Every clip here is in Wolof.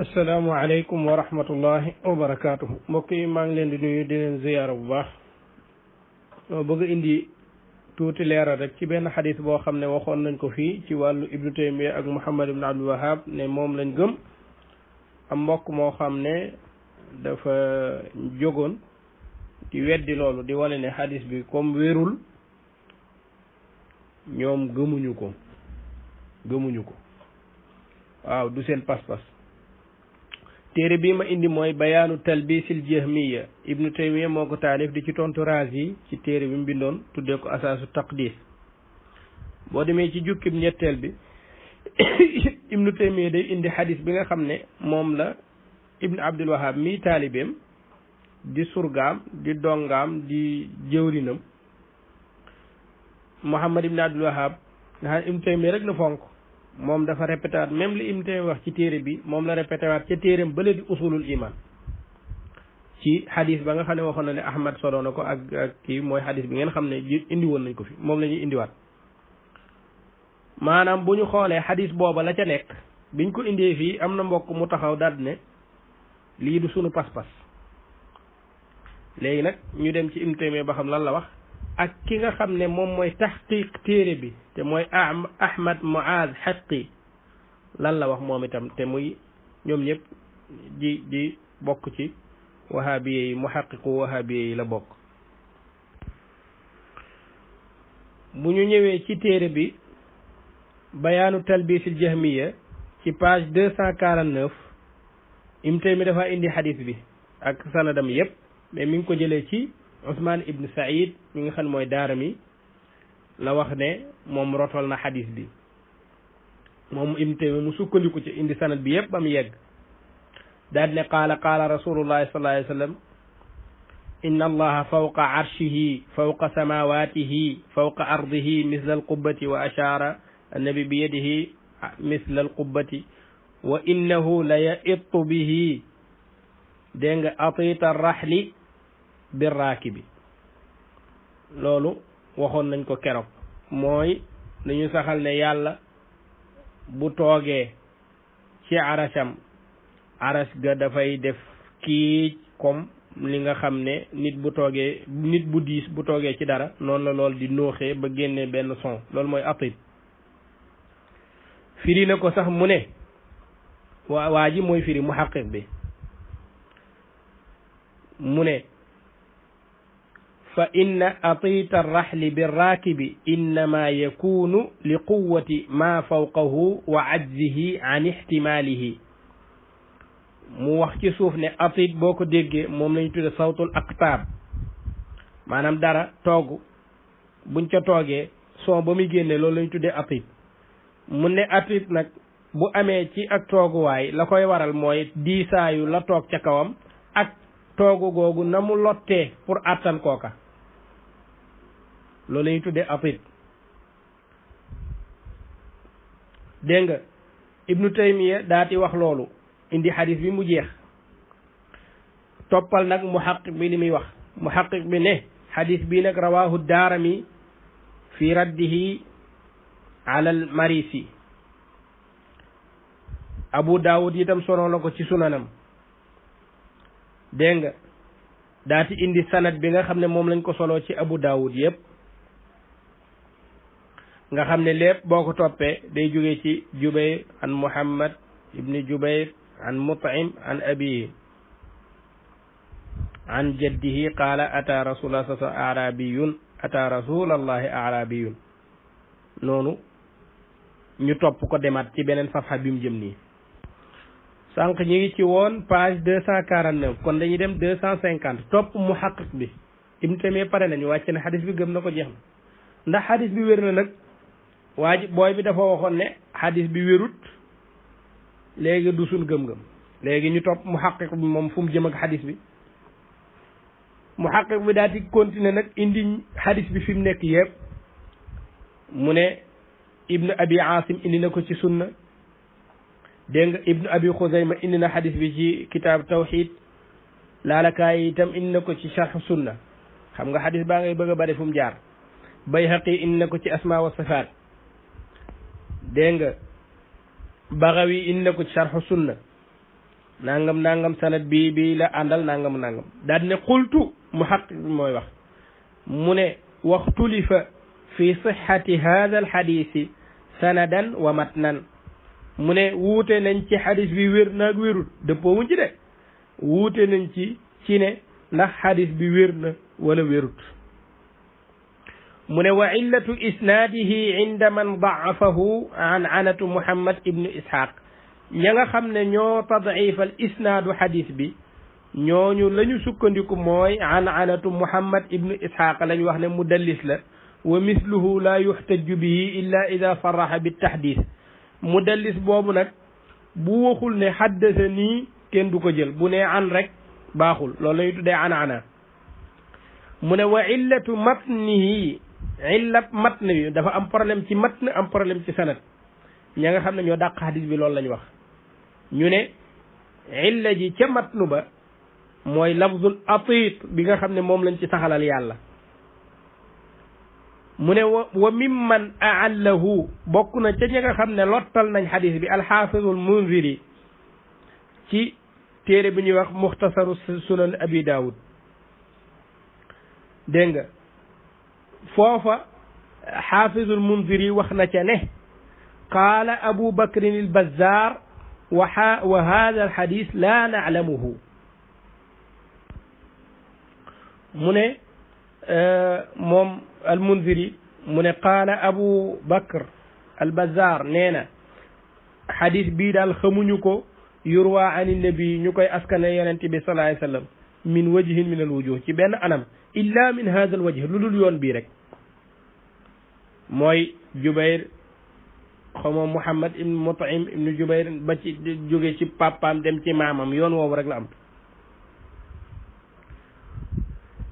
asalaamaaleykum wa rahmatullahi wa barakaatu. mbokk yi maa ngi leen di nuyu di leen ziyaara bu baax moo bëgg a indi tuuti leeral rek ci benn xadis boo xam ne waxoon nañ ko fii ci wàllu ibnu taymiya ak muhammad ibnu abdul wahab ne moom lañ gëm am mbokk moo xam ne dafa jógoon di weddi loolu di wane ne xadis bi comme wérul ñoom gëmuñu ko gëmuñu ko waaw du seen pas-pas téere bi ma indi mooy bayaanu talbisil jahmiya ibnu taymiya moo ko taalif di ci tontu yi ci téere bi mu bindoon tuddee ko asaasu taqdis boo demee ci jukkib ñetteel bi ibnu taymiya day indi xadis bi nga xam ne moom la ibnu abdul wahab mii taalibeem di surgaam di dongaam di jëwrinam muhammad ibnu abdul wahab nga xam ibnu taymiya rek la fonk moom dafa répété waat même li im tey wax ci téere bi moom la répété waat ca téereem bële di usulul iman ci xadis ba nga xam ne waxoon na ne ahmad solo na ko ak ak kii mooy xadis bi ngeen xam ne indi woon nañ ko fi moom la ñuy indiwaat maanaam bu ñu xoolee xadis booba la ca nekk biñ ko indee fii am na mbokk mu taxaw daal ne lii du sunu pas-pas léegi nag ñu dem ci im téemee ba xam lan la wax ak ki nga xam ne moom mooy taxqiq téere bi te mooy ahmad muaz xaqi lan la wax moom itam te muy ñoom ñëpp di di bokk ci wahabiye yi muhaqiqu wahabiye yi la bokk bu ñu ñëwee ci téere bi bayaanu talbiisil jahmiya ci page deux cent quarante im tey mi dafa indi xadis bi ak sanadam yépp mais mi ngi ko jëlee ci Ousmane Ibn Saïd mi nga xam mooy daara mi la wax ne moom rotal na xadis bi moom Ibn Taymiya mu sukkandiku ci indi sanad bi yëpp ba mu yegg daal ne qaala qaala rasulullahi sallallahu alayhi wa sallam inna allaha fawqa arshihi fawqa samawatihi fawqa ardihi misla alqubbati wa ashaara annabi bi yadihi misla alqubbati wa innahu la yaitu bihi dégg nga atita rahli bi raaki bi loolu waxoon nañ ko keroog mooy nañu saxal ne yàlla bu toogee ci arasam aras ga dafay def kii comme li nga xam ne nit bu toogee nit bu diis bu toogee ci dara noonu la lool di nooxee ba génnee benn son loolu mooy atit firi na ko sax mu ne waa waa ji mooy firi mu xaqiq bi mu ne fa inna atiita arrahli birraakibi innama yakunu li quwati ma fawqahu wa ajzihi an ixtimaalihi mu wax ci suuf ne atiit boo ko déggee moom lañu tudde ak aqtaab maanaam dara toog buñ ca toogee son ba muy génne loolu lañu tuddee atiit mu ne atiit nag bu amee ci ak tooguwaay la koy waral mooy diisaayu la toog ca kawam ak toogu googu na mu lottee pour àttan kooka loolu la ñuy tuddee apid dégg nga ibnu taymiya daati wax loolu indi xadis bi mu jeex toppal nag muhaqiq bi li muy wax muhaqiq bi ne xadis bi nag rawahu daarami fi raddihi ala mariis yi abu daawud itam sono na ko ci sunanam dégg nga daati indi sanad bi nga xam ne moom lañ ko soloo ci abu daawud yépp nga xam ne lépp boo ko toppee day jóge ci jubayr an muhammad ibni jubayr an mut'im an abihi an jaddihi qaala ata rasulullah sa sa arabiyun ata rasulallahi arabiyun noonu ñu topp ko demaat ci beneen safxa bi mu jëm nii sanq ñu ngi ci woon page deux cent quarante kon dañuy dem deux cent cinquante topp mu xaqiq bi Ibnu Taymiyya pare nañu wàcce na xadis bi gëm na ko jeex na ndax xadis bi wér na nag waa ji booy bi dafa waxoon ne xadis bi wérut léegi du suñ gëm-gëm léegi ñu topp mu xaqiq bi moom fu mu jëm ak bi mu xaqiq bi daal di nag indi xadis bi fi mu nekk yëpp mu ne ibnu abi asim indi na ko ci sunna dégg nga ibnu abi xuzayma indi na xadis bi ci kitaab tawxid laalakaay itam indi na ko ci charx sunna xam nga xadis baa ngay bëgg bari fu mu jaar bayhaqi indi na ko ci asma wa dégg nga baxawi indi na ko ci sarxu sunna nangam nangam sanad bii bii la àndal nangam nangam daal ne qultu mu xaqiq mooy wax mu ne waxtulifa fi sixati hada alxadisi sanadan wa matnan mu ne wuute nañ ci xadis bi wér naag wérul dëppoo wuñ de wuute nañ ci ci ndax xadis bi wér na wala wérut mu ne wa illatu isnaadihi inda man daafahu an anatu muhammad ibnu ishaq ña nga xam ne ñoo tadifal isnaadu xadis bi ñooñu la ñu sukkandiku mooy an anatu muhammad ibnu ishaq lañ wax ne mudallis la wa misluhu la yuxtaju bihi illa ida saraxa bi taxdis mudallis boobu nag bu waxul ne xaddasa nii kenn du ko jël bu ne an rek baaxul loolu la ñuy tuddee an ana mu wa illatu matnihi illab matn bi dafa am problème ci matn am problème ci sanad ña nga xam ne ñoo dàq xadis bi loolu lañu wax ñu ne illa ji ca matnu ba mooy lafzul atit bi nga xam ne moom lañ ci saxalal yàlla mu ne wa wa mimman aallahu bokk na ca ñi nga xam ne lottal nañ xadis bi alxaafidul munziri ci téere bi ñuy wax muxtasaru sunan abi daawud dégg nga foofa xaafisul mundiri wax na ca ne qaala abu bakrin il bazzaar wa wa hada al xadis la naalamuhu mu ne e, moom al mundiri mu ne qaala abu bakr al bazzaar nee na xadis bii daal xamuñu ko yurwa an nabi ñu koy askane yonent bi sallallahu alayhi wa sallam min wajhin min al wujuh ci benn anam illa min hada al wajh lu dul yoon bii rek mooy Jubayr xawma Muhammad ibn Mutaim ibn Jubayr ba ci jóge ci papaam dem ci maamam yoon woowu rek la am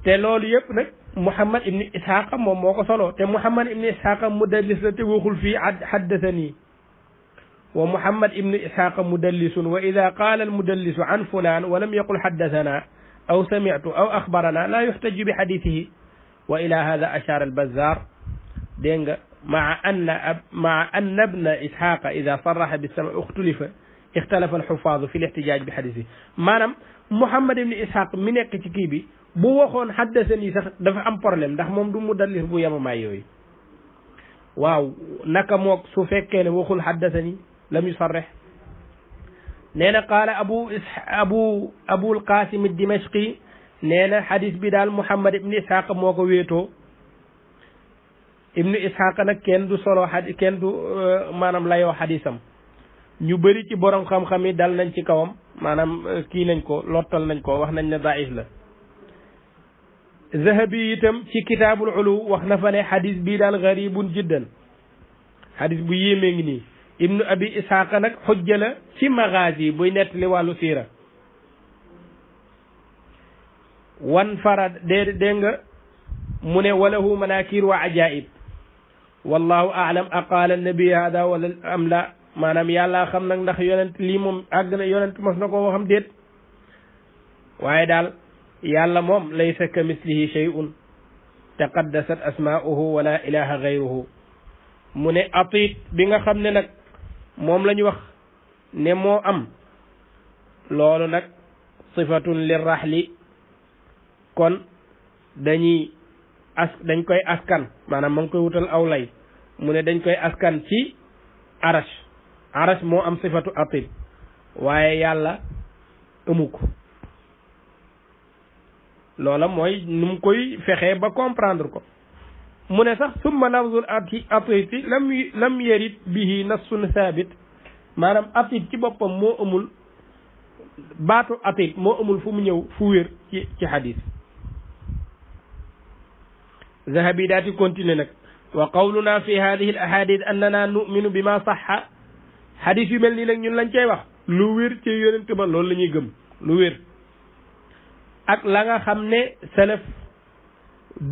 te loolu yëpp nag Muhammad ibn Ishaqa moom moo ko solo te Muhammad ibn Ishaqa mudallis la te waxul fii haddathani wa Muhammad ibn Ishaqa mudallisun wa ida qaala almudallisu an fulan wa lam yaqul haddathana aw sami'tu aw axbarana la yuxtaju bi xaditihi wa ila hada ashara albazar dégg nga maa anna ab maa anna bna ishaqa ida sarraha bi sama ixtulifa ixtalafa alxufaadu fi lixtijaaj bi xadis bi maanaam muhammad ibni ishaq mi nekk ci kii bi bu waxoon xaddasan yi sax dafa am problème ndax moom du mu dallis bu yemamaay yooyu waaw naka moog su fekkee ne waxul xaddasani lam yusarrex nee na qaala abu abu abul qasim dimashqi nee na xadis bi daal muhammad ibni ishaq moo ko wéetoo ibnu ishaq nag kenn du solo xadi kenn du uh, maanaam layoo xadisam ñu bari ci borom xam-xam yi dal nañ ci kawam maanaam uh, kii nañ ko lottal nañ ko wax nañ ne daif la zahabi itam ci kitaabul ulu wax na fa ne xadis bii daal garibun jiddan xadis bu yéemee ngi nii ibnu abi ishaq nag xujja la ci magazi buy nettali wàllu siira wan fara dee dégg nga mu ne walahu manakir wa ajaib wallahu aalam aqaala nabi hada wala am la maanaam yàlla xam nag ndax yonent lii moom àgg na yonent mos na ko waxam déet waaye daal yàlla moom laysa ka mislihi shay'un taqaddasat asmaa'uhu wala ilaha gayruhu mu ne atiit bi nga xam ne nag moom la ñu wax ne moo am loolu nag sifatun lirrahli kon dañuy as dañ koy askan maanaam ma ngi koy wutal aw lay mu ne dañ koy askan ci arash arash moo am sifatu atib waaye yàlla ëmu ko loola mooy nu mu koy fexe ba comprendre ko mu ne sax summa lafzul ati atiti lam lam yarit bihi nassun saabit maanaam atit ci boppam moo amul baatu atit moo amul fu mu ñëw fu wér ci ci xadis zahabi daati continuer nag wa qawluna fi hadihi al ahadith annana nu'minu bima sahha hadith yu mel nii nag ñun lañ cay wax lu wér ci yonent ba loolu la ñuy gëm lu wér ak la nga xam ne selef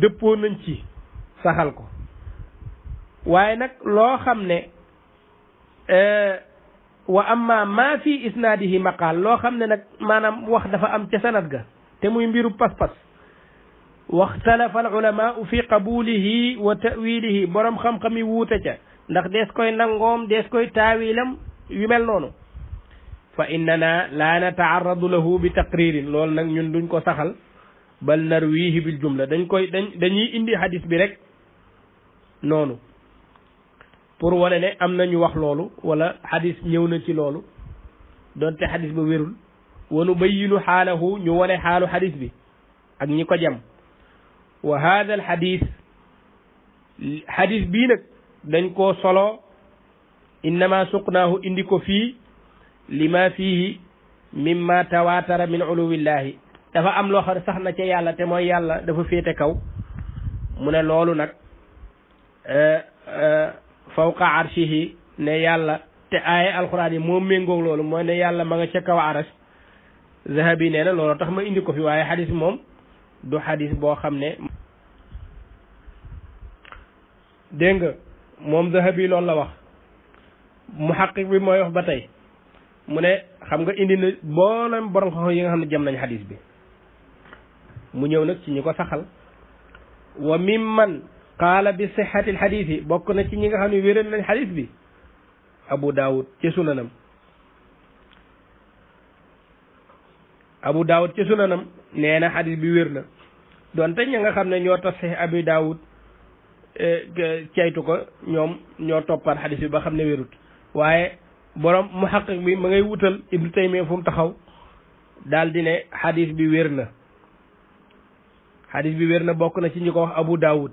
dëppoo nañ ci saxal ko waaye nag loo xam ne euh, wa amma ma fi isnaadihi maqaal loo xam ne nag maanaam wax dafa am ca sanat ga te muy mbiru pas-pas waxtalafa al ulamaau fi qabulihi wa tawilihi borom xam-xam yi wuute ca ndax des koy nangoom dees koy taawilam yu mel noonu fa innana la nataaradu lahu bi taqririn lool nag ñun duñ ko saxal bal narwihi bil jumla dañ koy dañ dañuy indi hadis bi rek noonu pour wane ne am na wax loolu wala hadis ñëw na ci loolu donte hadis ba wérul wanu bayyinu xaalahu ñu wane xaalu hadis bi ak ñi ko jam wa hada al bii nag dañ ko solo innama suqnaahu indi ko fii lima fihi mimma tawaatara min uluwillahi dafa am loo xam sax na ca yàlla te mooy yàlla dafa féete kaw mu ne loolu nag eh, eh, fawqa arshihi ne yàlla te aaya alxuraan yi moo méngoog loolu mooy ne yàlla ma nga ca kaw aras zahabi nee na loolu tax ma indi ko fi waaye xadis moom du xadis boo xam ne dégg nga moom Zahabi loolu la wax muhaqqiq bi mooy wax ba tey mu ne xam nga indi na mboolem borom yi nga xam ne jëm nañ xadis bi mu ñëw na ci ñi ko saxal wa mimman qaala bi sixati alxadis yi bokk na ci ñi nga xam ne wéral nañ xadis bi abu daawud ci sunanam abu daawud ci sunanam nee na xadis bi wér na donte ña nga xam ne ñoo tas six abu daawud Eh, ceytu ko ñoom ñoo toppaat xadis bi ba xam ne wérut waaye boroom mu xaqiq bi ma ngay wutal ibnu taymiya fu mu taxaw daldi ne xadis bi wér na xadis bi wér na bokk na ci ñi ko wax abu daawud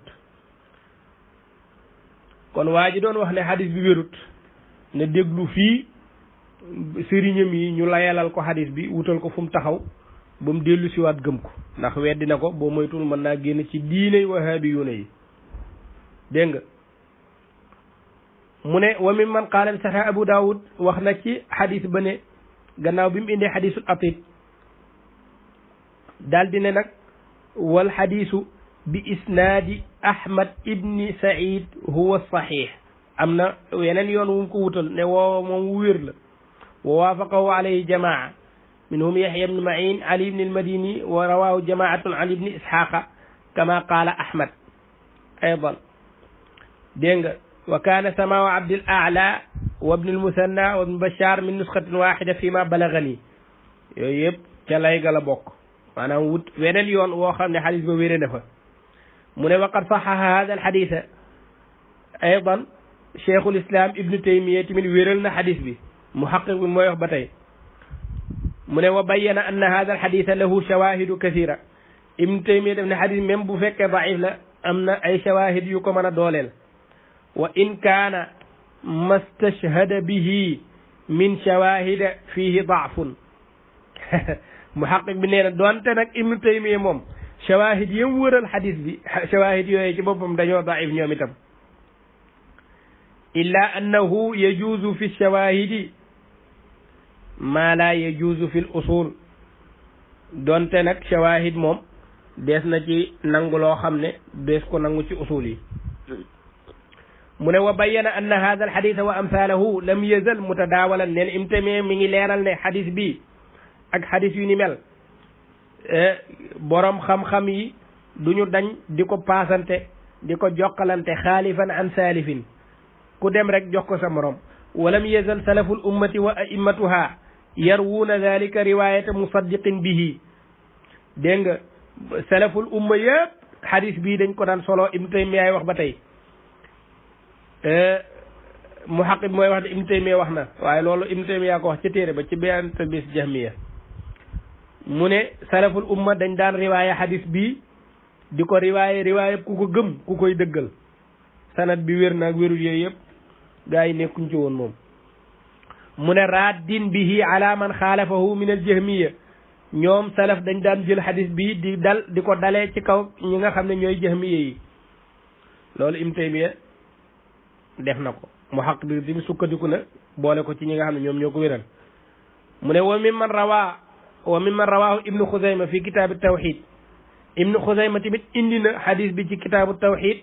kon waa ji doon wax ne xadis bi wérut ne déglu fii sëriñam yi ñu layalal ko xadis bi wutal ko fu mu taxaw ba mu dellu siwaat gëm ko ndax weddi na ko boo moytul mën naa génn ci diiney wahaabi yu ne yi dégg nga mu ne wa mimman qaala bi saxe abu daawud wax na ci xadis ba ne gannaaw bi mu indee xadisul atit daal di ne nag wal xadisu bi isnaadi ahmad ibni said huwa saxiix am na yeneen yoon wu mu ko wutal ne woo moom wu wér la wa waafaqahu alayhi jamaa minhum yaxya ibni main ali ibni almadini wa rawaahu jamaatun an ibni isxaaqa kama qaala ahmad aydan dégg nga wa kaana samau abdil ala wa ibnul musanna wa ibnu bashar min nusxatin waxida fi ma balagani yooyu yëpp ca lay ga la bokk maanaam wut weneen yoon woo xam ne xadis ba wéré na fa mu ne waqad saxaxa hada al xadisa aydan cheikhul islam ibnu taymiya tamit wéral na xadis bi mu xaqiq bi mooy wax ba tey mu ne wa bayyana anna hada al xadisa lahu shawahidu kasira ibnu taymiya def ne xadis même bu fekkee daif la am na ay shawahid yu ko mën a dooleel wa in kaana mastashhada bihi min shawahida fihi daafun mu xaqiq bi nee na doonte nag ibnu taymiya moom shawahid yam wëral xadis bi shawahid yooyu ci boppam dañoo daif ñoom itam illa annahu yajuuzu fi shawahidi maa laa yajuuzu fi l usul doonte nag shawahid moom dees na ci nangu loo xam ne dees ko nangu ci usul yi mu ne wa bayyana an hadha al haditha wa amthaalahu lam yazal mutadaawalan neen imtamee mi ngi leeral ne xadis bi ak xadis yu ni mel eh, borom xam-xam yi du ñu dañ di ko paasante di ko jokkalante xaalifan an saalifin ku dem rek jox ko sa morom walam yazal salaful ummati wa a'immatuha yarwuuna dalika riwayata musaddiqin bihi dégg nga salaful umma yëpp xadis bii dañ ko daan solo ibnu taymiyaay wax ba tey Eh, mu xaqib mooy wax ne Ibn Taymiya wax na waaye loolu Ibn Taymiya yaa ko wax ca téere ba ci Bayaan Talbiis Jahmiya mu ne salaful umma dañ daan riwaaya xadis bi di ko riwaaye riwaaya ku ko gëm ku koy dëggal sanat bi wér naag wérul yooyu yëpp gaa yi nekkuñ ci woon moom mu ne raddin bihi ala man xaalafahu min al jahmiya ñoom salaf dañ daan jël xadis bi di dal di ko dalee ci kaw ñi nga xam ne ñooy jahmiya yi loolu Ibn Taymiya def na ko mu xaq bi bi sukkandiku na boole ko ci ñi nga xam ne ñoom ñoo ko wéral mu ne woo mi man rawaa wa mi man rawaahu ibnu xusayma fi kitaabu tawxid ibnu xusayma tamit indi na xadis bi ci kitaabu tawxid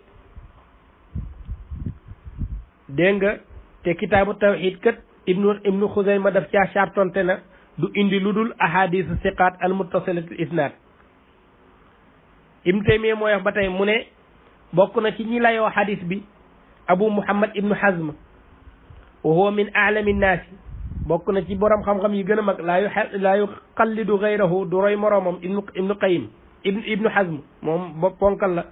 dégg nga te kitaabu tawxid kat ibnu ibnu xusayma daf caa sartonte na du indi lu dul ahadisu siqaat almuttasilati isnaad ibnu taymiya mooy wax ba tey mu ne bokk na ci ñi layoo xadis bi abu muhammad ibnu hazm wa huwa min aalami nnaasi bokk na ci borom xam yi gën a mag laa yu laa yu xallidu gayrahu du moroomam ibnu ibnu qayim ibnu ibnu moom ba ponkal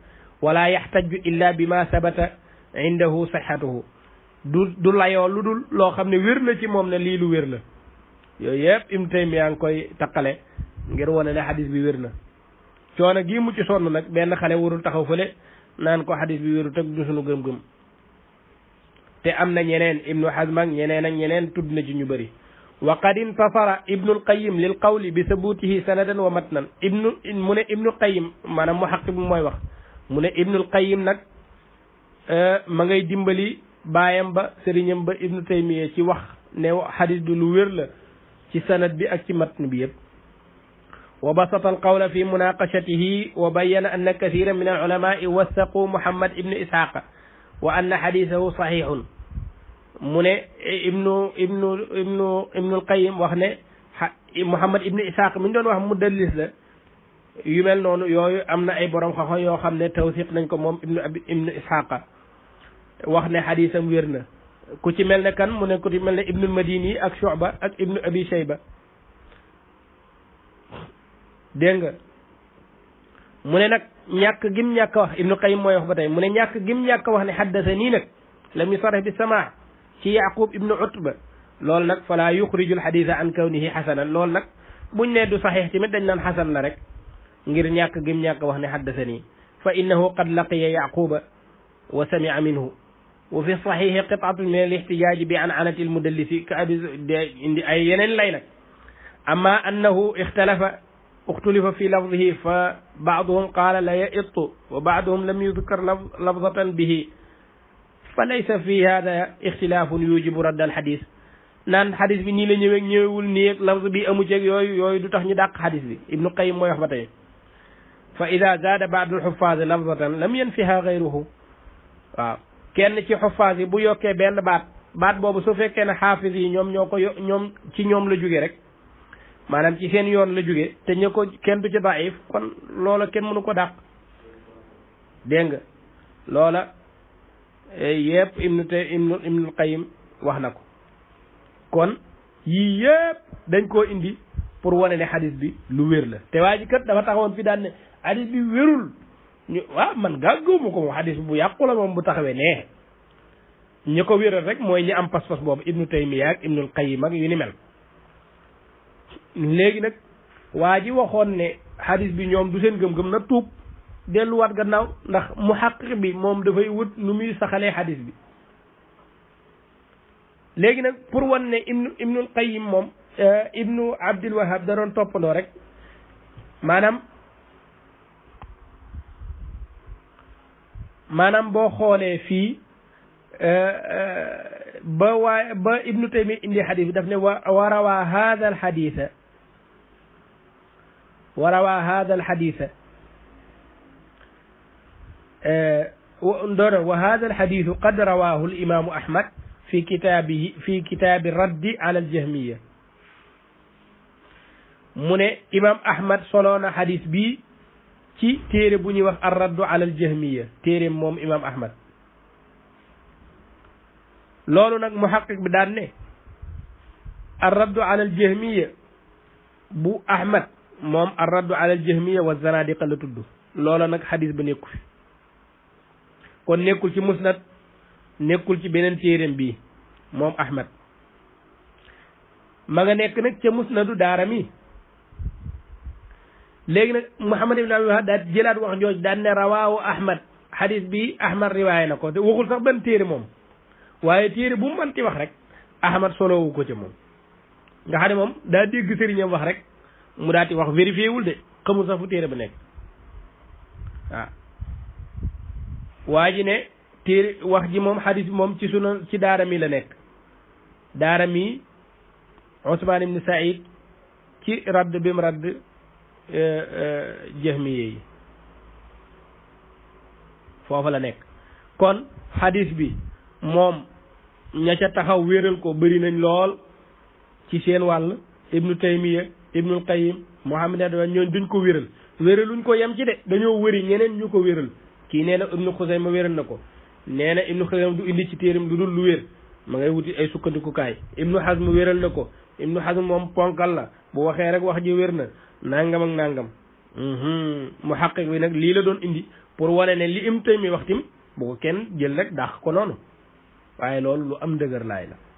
wala yaxtaju illa bi ma sabata indahu sixatuhu lu dul loo xam ne wér na ci moom ne lii lu wér la yooyu yëpp ibnu taymiya ngi koy taqale ngir wane ne xadis bi wér na coono gii mu ci sonn nag benn xale warul taxaw fële naan ko xadis bi wéru teg du te am na ñeneen ibnu hazm ak ñeneen ak ñeneen tudd na ci ñu bëri wa qad intasara ibnul qayim lil qawli bi sabutihi sanadan wa matnan ibnu mu ne ibnul qayim maanaam mu xaq bi mooy wax mu ne ibnul qayim nag euh, ma ngay dimbali baayam ba sëriñam ba ibnu taymiya ci wax ne xadis bi lu wér la ci sanad bi ak ci matn bi yëpp wa basata alqawla fi munaqashatihi wa bayyana anna kathiran min al ulamai wasaqu muhammad ibnu ishaqa wa anna xadisahu saxixun mu ne ibnu ibnu ibnu ibnul qayim wax ne muhammad ibnu isaaq mi ñu doon wax mu dallis la yu mel noonu yooyu am na ay borom xam-xam yoo xam ne tawsiq nañ ko moom ibnu abi ibnu isaaqa wax ne xadisam wér na ku ci mel ne kan mu ne ku ci mel ne ibnul madini ak shuba ak ibnu abi shayba dégg nga mu ne nag ñàkk gim ñàkk wax ibnu qayim mooy wax ba tey mu ne ñàkk gim ñàkk wax ne xaddasa nii nag la mu saref bi samaa ci yaqub ibnu utba loolu nag fala yuxrijul xadisa an kawnihi xasanan loolu nag buñ ne du saxiix tamit dañ naan xasan la rek ngir ñàkk gim ñàkk wax ne xaddasani fa innahu qad laqiya yaquba wa samia minhu wa fi saxiixi qitaatun min al ixtijaaji bi an anati al mudallisi ka abi indi ay yeneen lay nag amma annahu ixtalafa uxtulifa fi lafdihi fa baaduhum qaala la yaitu wa baaduhum lam yudkar lafdatan bihi fa laysa fi hada ixtilaafun yujibu radd al xadis naan xadis bi ñii la ñëweek ñëwewul nii ak lafz bi amu ceeg yooyu yooyu du tax ñu dàq xadis bi ibnu qayim mooy wax ba tey fa ida zaada baadul xuffaas lafzatan lam yanfiha gayruhu waaw kenn ci xuffaas yi bu yokkee benn baat baat boobu su fekkee na xaafis yi ñoom ñoo ko yo ñoom ci ñoom la jóge rek maanaam ci seen yoon la jóge te ña kenn du ci daif kon loola kenn mënu ko dàq dégg nga loola Eh, yëpp ibnu te ibnu ibnul qayim wax na ko kon yii yëpp dañ koo indi pour wane ne xadis bi lu wér la te waa ji kat dafa taxawoon fi daan ne xadis bi wérul ñu waaw man gàgguma ko moom xadis bu yàqu la moom bu taxawee nee ñi ko wéral rek mooy ñi am pas-pas boobu ibnu taymiya ak ibnul qayim ak yu ni mel léegi nag waa ji waxoon ne xadis bi ñoom du seen gëm-gëm na tuub delluwaat gannaaw ndax muxaqiq bi moom dafay wut nu muy saxalee xadis bi léegi nag pour wan ne ibnu ibnul moom eh, ibnu abdil wahab da doon toppandoo rek maanaam maanaam boo xoolee fii eh, eh, ba waay ba ibnu taymiya indi xadis bi daf ne wa wa rawaa haada alxadisa wa rawaa haada ndono wa hada alhaditu qad rawahu alimamu ahmad fi kitaabihi fi kitaabi raddi ala aljahmiya mu ne imam ahmad soloona hadis bi ci téere bu ñuy wax ar raddu ala aljahmiya téere moom imam ahmad loolu nag muhaqiq bi daan ne ar raddu ala aljahmiya bu ahmad moom ar raddu ala aljahmiya wa zanadiqa la tudd loola nag hadis ba nekku fi kon nekkul ci musnad nekkul ci beneen téeréem bi moom ahmad ma nekk nekk nag ca musnadu daarami léegi nag muhammad ibn abi wahab daal jëlaat wax jooj daan ne rawaawu ahmad xadis bi ahmad riwaayé na ko te waxul sax benn téere moom waaye téere bu mu mënti wax rek ahmad solowu ko ca moom nga xam moom daa dégg sëriñam wax rek mu daati wax vérifié wul de xamul sax fu téere ba nekk waaw waa ji ne téere wax ji moom xadis bi moom ci suna ci daara mii la nekk daara mi Ousmane ibn Saïd ci radd bi mu radd jeex mi yeeyi foofa la nekk kon xadis bi moom ña ca taxaw wéeral ko bari nañ lool ci seen wàll ibnu taymiya ibnul qayim mohamad ñooñ duñ ko wéral wéraluñ ko yem ci de dañoo wëri ñeneen ñu ko wéral kii nee na ibnu ma wéral na ko nee na ibnu xusayma du indi ci téeram lu dul lu wér ma ngay wuti ay sukkandikukaay ibnu xasm wéral na ko ibnu xasm moom ponkal la bu waxee rek wax ji wér na nangam ak nangam mhm. mu xaqiq bi nag lii la doon indi pour wane ne li im tey mi waxtim bu ko kenn jël rek dàq ko noonu waaye loolu lu am dëgër laay la